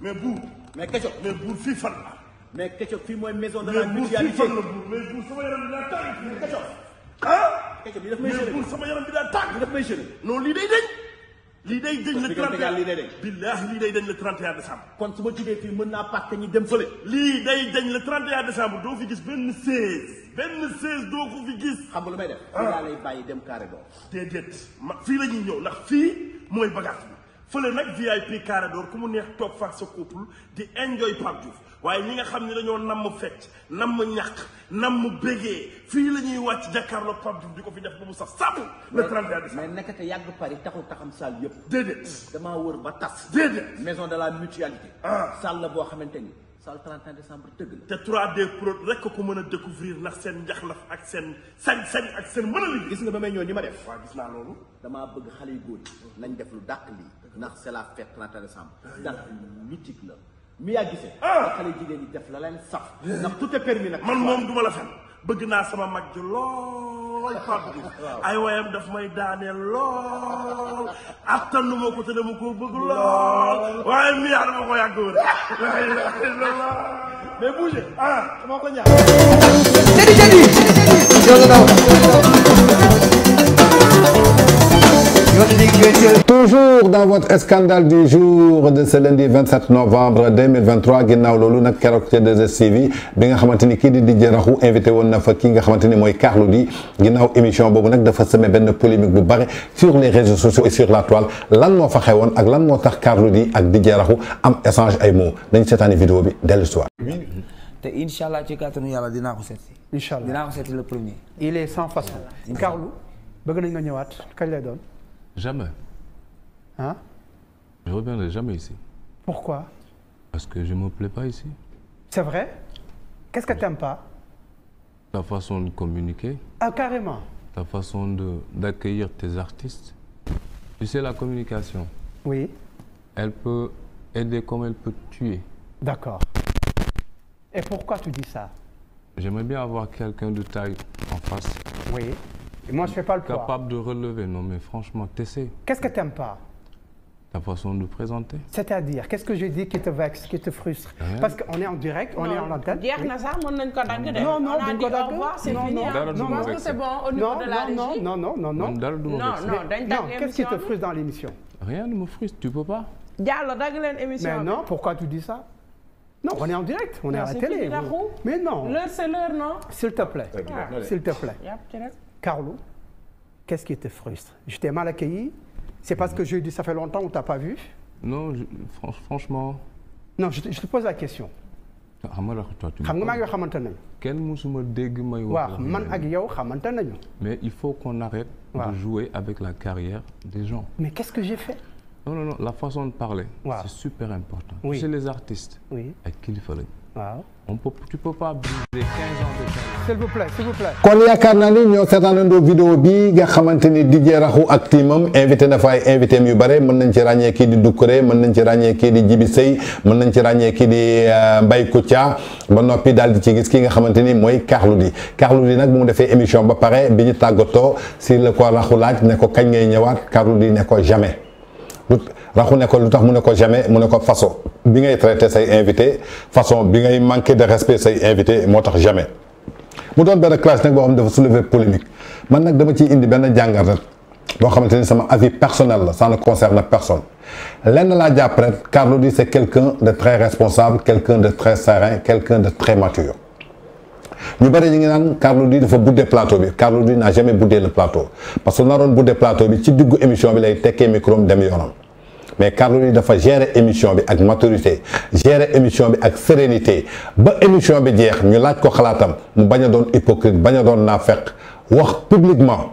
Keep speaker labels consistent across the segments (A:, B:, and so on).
A: mais buur mais Ketchup mais buur fii fan la mais Ketchup fii mooy maison de la mutualité mais fii fan la buur mais buur sama yaram bi daa tàng mais Ketchup ah Ketchup lii daf mais buur sama yaram bi daa tàng lii daf may gêné non lii day dañ lii day dañ le 31 lii kon su ma jugee fii mën naa pàcc ñu dem fële lii day dañ le 31 décembre doo fi gis benn 16 benn 16 doo ko fi gis xam nga lu may def fii ah. laa lay dem carré doo déedéet ma fii la ñuy ñëw ndax fii mooy bagage fële nag VIP carré d'or ku mu neex toog fa sa couple di enjoy Pape Diouf waaye ñi nga xam ne dañoo namm fecc namm ñàkk namm bégee fii la ñuy wàcc jàkkaarloo Pape Diouf di ko fi def ba mu saf sàpp le 31 décembre. mais nekkate yàgg Paris taxul taxam salle yëpp. déedéet damaa wër ba tas. déedéet maison de la mutualité. ah la boo xamante ni. sal 31 décembre dëgg la. te 3D Prod rek ko mën a découvrir ndax seen njaxlaf ak seen sañ-sañ ak seen mën a gis nga ba may ñëw ni ma def. waaw gis naa loolu. damaa bëgg xale yu góor yi nañ def lu dàq lii ndax c'est la fête 31 décembre. ndax mythique la. mi yaa gisee. Ah! xale jigéen yi def la leen saf. ndax tout est permis nag. man moom du ma la fen bëgg naa sama mag ji lool Pape Diouf ay wayam daf may daaneel lool attanu ma ko te dama koo bëgg lool waaye mi yaa dama ko yàgg wër la ilaha illallah mais bouge ah dama ko ñaan
B: votre scandale du jour de ce lundi 27 novembre 2023 ginnaaw lolu nak keroog ca 2STV bi nga xamanteni ki di Didier Rahou invité won na fa ki nga xamanteni moy Carlo di D émission bobu nak dafa semé ben polémique bu bari sur les réseaux sociaux et sur la toile lan mo fa xewoon ak lan mo tax Carlo di ak Didier Rahou am échange ay mots dañ sétane vidéo bi dès soir.
A: té inshallah ci kàttanu yalla dina ko seeti. inshallah dina ko seeti le premier. il est sans façon. Carlo bëgg nañ nga ñëwaat kañ lay doon. jamais. Hein
B: Je reviendrai jamais ici. Pourquoi Parce que je ne me plais pas ici.
A: C'est vrai Qu'est-ce que tu n'aimes pas
B: Ta façon de communiquer. Ah, carrément. Ta façon d'accueillir tes artistes. Tu sais, la communication. Oui. Elle peut aider comme elle peut tuer.
A: D'accord. Et pourquoi tu dis ça
B: J'aimerais bien avoir quelqu'un de taille en face.
A: Oui. Et moi, je fais pas le poids. Capable de relever, non, mais franchement, t'essaies. Qu'est-ce que tu n'aimes pas la façon de présenter. C'est-à-dire, qu'est-ce que je dis qui te vexe, qui te frustre Parce qu'on est en direct, on est en antenne. Non, non, on a dit c'est fini. Non, non, Non, non, non, non. Non, non, Qu'est-ce qui te frustre dans l'émission Rien ne me frustre, tu peux pas. Mais non, pourquoi tu dis ça non, on est en direct, on est à la télé. Mais non. L'heure, c'est l'heure, non S'il te plaît. Ah. S'il te plaît. Carlo, qu'est-ce qui te frustre Je t'ai mal accueilli c'est parce que je dit ça fait longtemps ou t'as pas vu Non, franchement. Non, je, te pose la question. Ah, mais il faut qu'on arrête de jouer avec la carrière des gens mais qu'est-ce que j'ai fait non non non la façon de parler c'est super important Chez c'est les artistes oui qui il fallait waaw. Ah. on peut tu peux pas briser
B: 15 ans de carrière. s'il vous plaît s'il vous plaît. kon yaakaar naa ni ñoo seetaanandoo vidéo bi nga xamante ni DJ Rakhou ak teamam invité na fa ay invité yu bare mën nañ ci ràññee kii di Doucouré mën nañ ci ràññee kii di Djibi Sey mën nañ ci ràññee kii di euh, Mbaye Koutia ba noppi daal di ci gis ki nga xamante ni mooy Carlou D Carlou D nag bu mu defee émission ba pare bi ñu tàggatoo si la ko Rakhou laaj ne ko kañ ngay ñëwaat Carlou di ne ko jamais. raxu ne ko lu tax mu ne ko jamais mu ne ko façon bi ngay traité say invité façon bi ngay manqué de respect say invité moo jamais mu doon benn clash nag boo xam de soulever polémique man nag dama ciy indi benn jàngat rek boo xamante ni sama avis personnel ça ne concerne personne lenn la jàpp Carlo Di c'est quelqu'un de très responsable quelqu'un de très serein quelqu'un de très mature nous bëri ñu ngi naan Carlou D dafa plateau bi Carlou n'a jamais boudé le plateau parce qu'on que naroon le plateau bi ci diggu émission bi lay tekkee micro mais Carlou D dafa gérer émission avec ak maturité gérer émission avec sérénité ba émission bi jeex Nous l'avons ko xalaatam mu Nous a doon hypocrite bañ a doon naafeq wax publiquement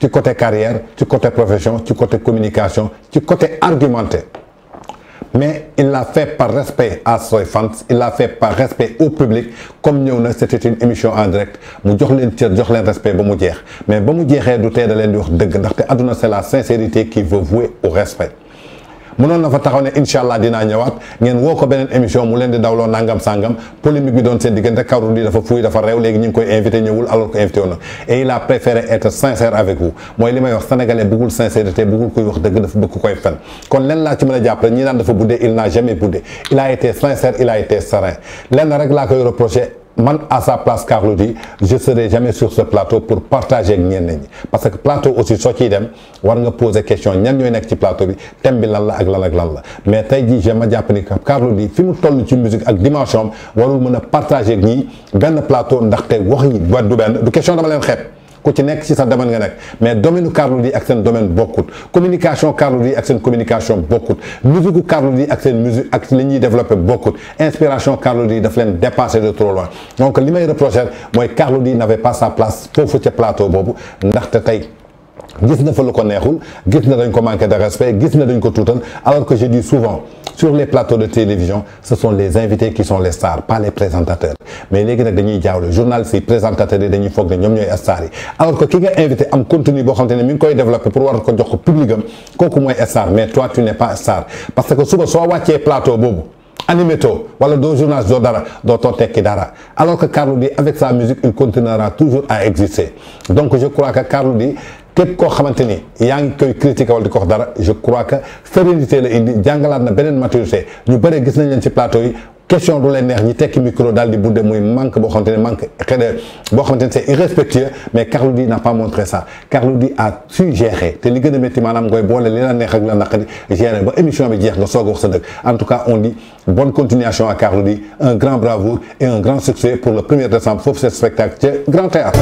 B: du côté carrière du côté profession du côté communication du côté argumenté mais il l'a fait par respect à ses fans il l'a fait par respect au public comme nous, c'était une émission en direct mu jox leen un respect ba mu mais ba mu du c'est la sincérité qui veut vouer au respect mënon na fa taxaw ne incha allah ñëwaat ngeen wo ko benen émission mu leen di dawlo nangam sangam polémique bi doon seen digënté kawru di dafa fuuy dafa réew légui ñing koy invité ñëwul alors que invité wona et il a préféré être sincère avec vous moy limay wax sénégalais bëggul sincérité bëggul koy wax dëgg dafa bëgg koy fen kon lén la ci mëna a ñi naan dafa buddee il n'a jamais buddé il a été sincère il a été serein lén rek la koy reprocher man à sa place Carlo dit, je serai jamais sur ce plateau pour partager avec ñenn ñi parce que plateau aussi so ci dem war nga poser question ñan ñoy nek ci plateau bi thème bi lan la ak lan ak lan la mais tay ji je ma japp ni que Carlou D fi mu tollu ci musique ak dimension am warul mën partager ak ñi benn plateau ndaxte wax yi du ben du question dama len xeeb. Mais ci nek ci sa domaine nga nek mais domaine carlo La ak sen domaine bokut communication carlo di ak sen communication de musique carlo di ak sen musique ak li beaucoup développer bokut inspiration carlo di daf len dépasser de trop loin donc limay reprocher moy carlo di n'avait pas sa place pour ca plateau gis na fa lu ko neexul gis na dañ ko manqué de respect gis na dañ ko tuutal alors que je dis souvent sur les plateaux de télévision ce sont les invités qui sont les stars pas les présentateurs mais les nag dañuy jaawle journal yi présentateurs yi dañuy foog ne ñoom ñooy stars alors que ki nga invité am contenu boo xam te ne mi ngi koy développé pour war ko jox ko public am kooku star mais toi tu n'es pas star parce que suba soo wàccee plateau boobu animé tôt wala doo journaliste doo dara doo dara alors que Carlou dit avec sa musique il continuera toujours à exister donc je crois que Carlou dit képp koo xamante ni yaa ngi koy critiquer wala di ko wax dara je crois que sérénité la indi jàngalaat na beneen maturité ñu bare gis nañ leen si plateau yi question de l'énergie, neex micro tekki micro bout de budde manque boo on manque c'est irrespectueux mais Carloudi n'a pas montré ça Carloudi a su gérer T'es li gën a métti maanaam ngoy boole li les neex ak la naqari gérer ba émission bi jeex nga soog wax sa en tout cas on dit bonne continuation à Carloudi, un grand bravo et un grand succès pour le 1er décembre sauf ce spectacle Grand Théâtre